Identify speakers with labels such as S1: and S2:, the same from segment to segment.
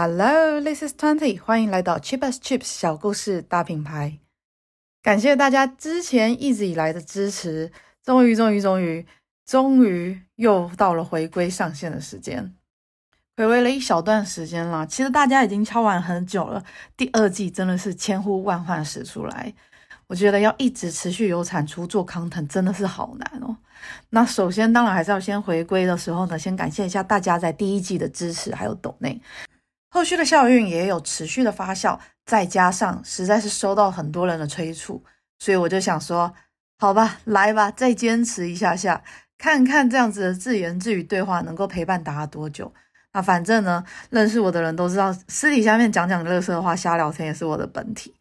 S1: Hello，this is Twenty，歡迎來到 Cheap as Chips 小故事大品牌。感謝大家之前一直以來的支持，終於終於終於終於又到了回歸上線的時間。回歸了一小段時間了，其實大家已經敲碗很久了。第二季真的是千呼萬喚始出來，我覺得要一直持續有產出做 content 真的是好難哦。那首先當然還是要先回歸的時候呢，先感謝一下大家在第一季的支持，還有抖內。後續的效應也有持續的發酵，再加上實在是收到很多人的催促，所以我就想說，好吧，來吧，再堅持一下下，看看這樣子的自言自語對話能夠陪伴大家多久。那反正呢，認識我的人都知道，私底下面講講樂色的話、瞎聊天也是我的本體。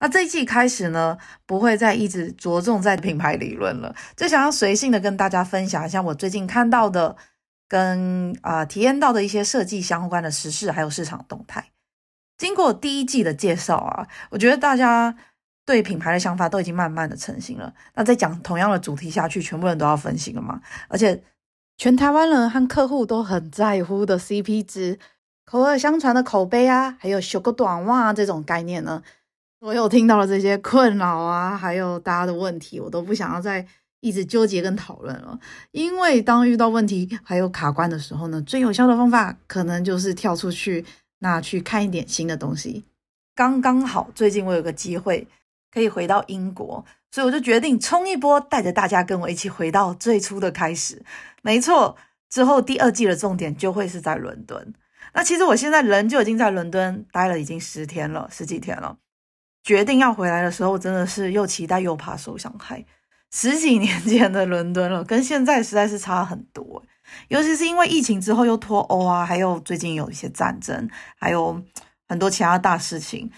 S1: 那這一季開始呢，不會再一直着重在品牌理論了，就想要隨性的跟大家分享一下我最近看到的。跟啊、呃、體驗到的一些設計相關的時事，還有市場動態。經過第一季的介紹啊，我覺得大家對品牌的想法都已經慢慢的成型了。那再講同樣的主題下去，全部人都要分心了嘛？而且全台灣人和客戶都很在乎的 CP 值、口耳相傳的口碑啊，還有修個短襪、啊、這種概念呢。我有聽到了這些困擾啊，還有大家的問題，我都不想要再。一直糾結跟討論了，因為當遇到問題還有卡關的時候呢，最有效的方法可能就是跳出去，那去看一點新的東西。剛剛好，最近我有個機會可以回到英國，所以我就決定衝一波，帶着大家跟我一起回到最初的開始。沒錯，之後第二季的重點就會是在倫敦。那其實我現在人就已經在倫敦待了已經十天了，十幾天了。決定要回來的時候，真的是又期待又怕受傷害。十幾年前的倫敦了，跟現在實在是差很多，尤其是因為疫情之後又脫歐啊，還有最近有一些戰爭，還有很多其他大事情。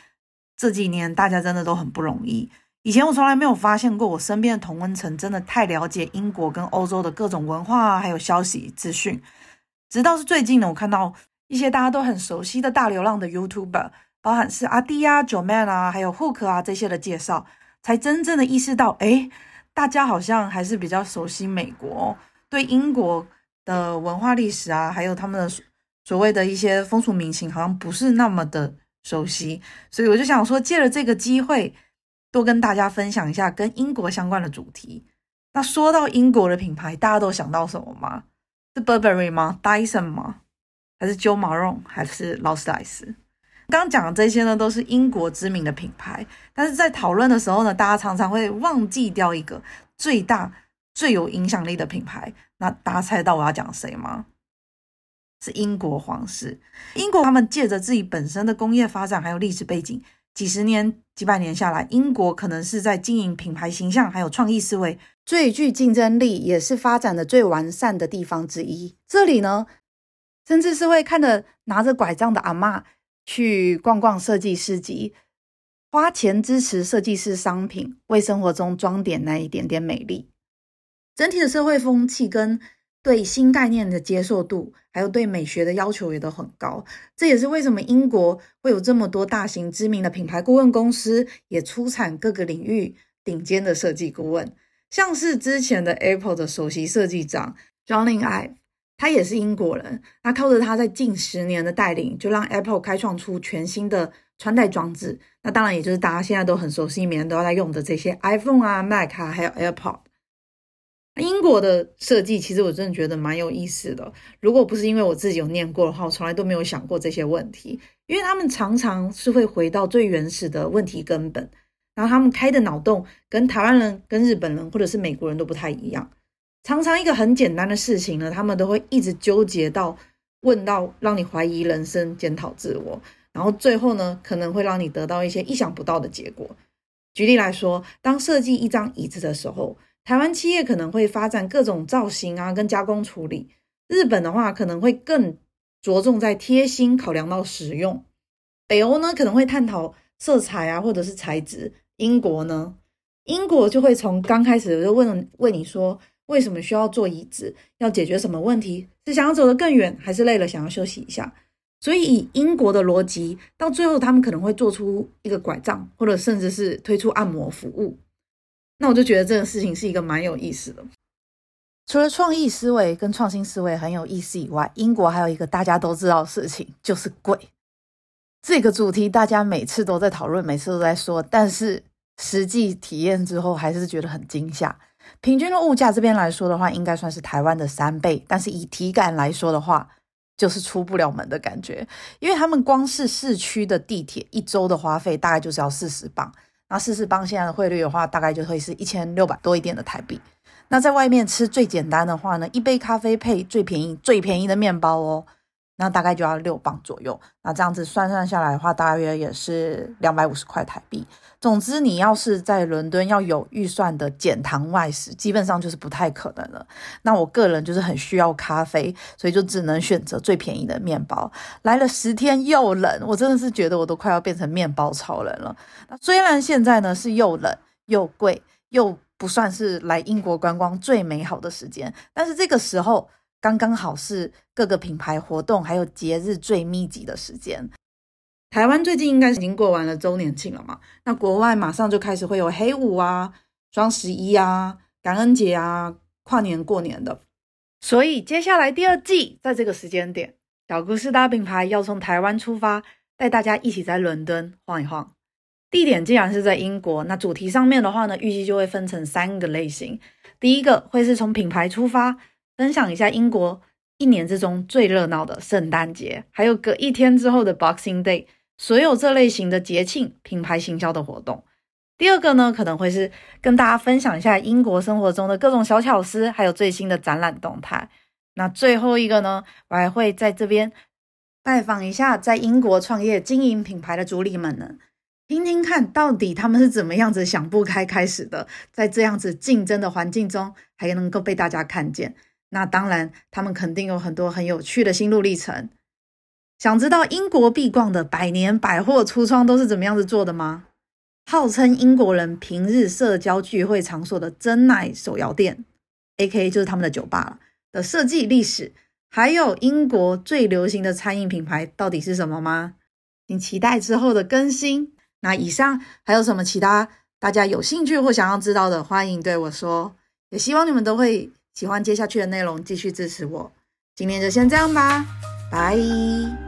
S1: 這幾年大家真的都很不容易。以前我從來沒有發現過，我身邊的同溫層真的太了解英國跟歐洲的各種文化、啊、還有消息資訊。直到是最近呢，我看到一些大家都很熟悉的大流浪的 YouTuber，包含是阿滴啊、Joeman 啊，還有 Hook 啊這些的介紹，才真正的意識到，誒、欸大家好像還是比較熟悉美國，對英國的文化歷史啊，還有他們的所謂的一些風俗民情，好像不是那麼的熟悉，所以我就想說，借着這個機會，多跟大家分享一下跟英國相關的主題。那說到英國的品牌，大家都想到什麼嗎？是 Burberry 嗎？Dyson 嗎？還是 Jo Malone？還是勞斯萊斯？剛講的這些呢，都是英國知名的品牌，但是在討論的時候呢，大家常常會忘記掉一個最大最有影響力的品牌。那大家猜到我要講誰嗎？是英國皇室。英國他們借着自己本身的工業發展，還有歷史背景，幾十年幾百年下來，英國可能是在經營品牌形象還有創意思維最具競爭力，也是發展的最完善的地方之一。這裡呢，甚至是會看着拿着拐杖的阿嬤。去逛逛設計師集，花錢支持設計師商品，為生活中裝點那一點點美麗。整體的社會風氣跟對新概念的接受度，還有對美學的要求也都很高。這也是為什麼英國會有這麼多大型知名的品牌顧問公司，也出產各個領域頂尖的設計顧問，像是之前的 Apple 的首席設計長 Jony Ive。他也是英國人，他靠着他在近十年的帶領，就讓 Apple 開創出全新的穿戴裝置。那當然，也就是大家現在都很熟悉，每年都要在用的這些 iPhone 啊、Mac 啊，還有 AirPod。英國的設計其實我真的覺得蠻有意思的。如果不是因為我自己有念過的話，我從來都沒有想過這些問題。因為他們常常是會回到最原始的問題根本，然後他們開的腦洞跟台灣人、跟日本人或者是美國人都不太一樣。常常一個很簡單的事情呢，他們都會一直糾結到問到讓你懷疑人生、檢討自我，然後最後呢，可能會讓你得到一些意想不到的結果。舉例來說，當設計一張椅子的時候，台灣企業可能會發展各種造型啊跟加工處理；日本的話可能會更着重在貼心考量到實用；北歐呢可能會探討色彩啊或者是材質；英國呢，英國就會從剛開始我就問問你說。為什麼需要做椅子？要解決什麼問題？是想要走得更遠，還是累了想要休息一下？所以以英國的邏輯，到最後他們可能會做出一個拐杖，或者甚至是推出按摩服務。那我就覺得這個事情是一個蠻有意思的。除了創意思維跟創新思維很有意思以外，英國還有一個大家都知道的事情，就是貴。這個主題大家每次都在討論，每次都在說，但是實際體驗之後還是覺得很驚嚇。平均的物價這邊來說的話，應該算是台灣的三倍。但是以體感來說的話，就是出不了門的感覺，因為他們光是市區的地鐵一周的花費大概就是要四十鎊。那四十鎊現在的匯率的話，大概就會是一千六百多一點的台幣。那在外面吃最簡單的話呢，一杯咖啡配最便宜最便宜的麵包哦。那大概就要六磅左右，那這樣子算算下來的話，大約也是兩百五十塊台幣。總之，你要是在倫敦要有預算的減糖外食，基本上就是不太可能了。那我個人就是很需要咖啡，所以就只能選擇最便宜的麵包。來了十天又冷，我真的是覺得我都快要變成麵包超人了。那雖然現在呢是又冷又貴又不算是來英國觀光最美好的時間，但是這個時候。剛剛好是各個品牌活動還有節日最密集的時間。台灣最近應該是已經過完了周年慶了嘛。那國外馬上就開始會有黑五啊、雙十一啊、感恩節啊、跨年過年的。所以接下來第二季在這個時間點，小故事大品牌要從台灣出發，帶大家一起在倫敦晃一晃。地點既然是在英國，那主題上面的話呢，預計就會分成三個類型。第一個會是從品牌出發，分享一下英國一年之中最熱鬧的聖誕節，還有隔一天之後的 Boxing Day，所有這類型的節慶、品牌行銷的活動。第二個呢，可能會是跟大家分享一下英國生活中的各種小巧思，還有最新的展覽動態。那最後一個呢，我還會在這邊拜訪一下在英國創業經營品牌的主理們呢，聽聽看到底他們是怎麼樣子想不開開始的，在這樣子競爭的環境中，還能夠被大家看見。那當然，他們肯定有很多很有趣的心路歷程。想知道英國必逛的百年百貨櫥窗都是怎麼樣子做的嗎？號稱英國人平日社交聚會場所的珍奶手搖店 （aka） 就是他們的酒吧了。的設計歷史，還有英國最流行的餐飲品牌到底是什麼嗎？請期待之後的更新。那以上還有什麼其他大家有興趣或想要知道的，歡迎對我說。也希望你們都會。喜歡接下去的內容，繼續支持我。今天就先這樣吧，拜。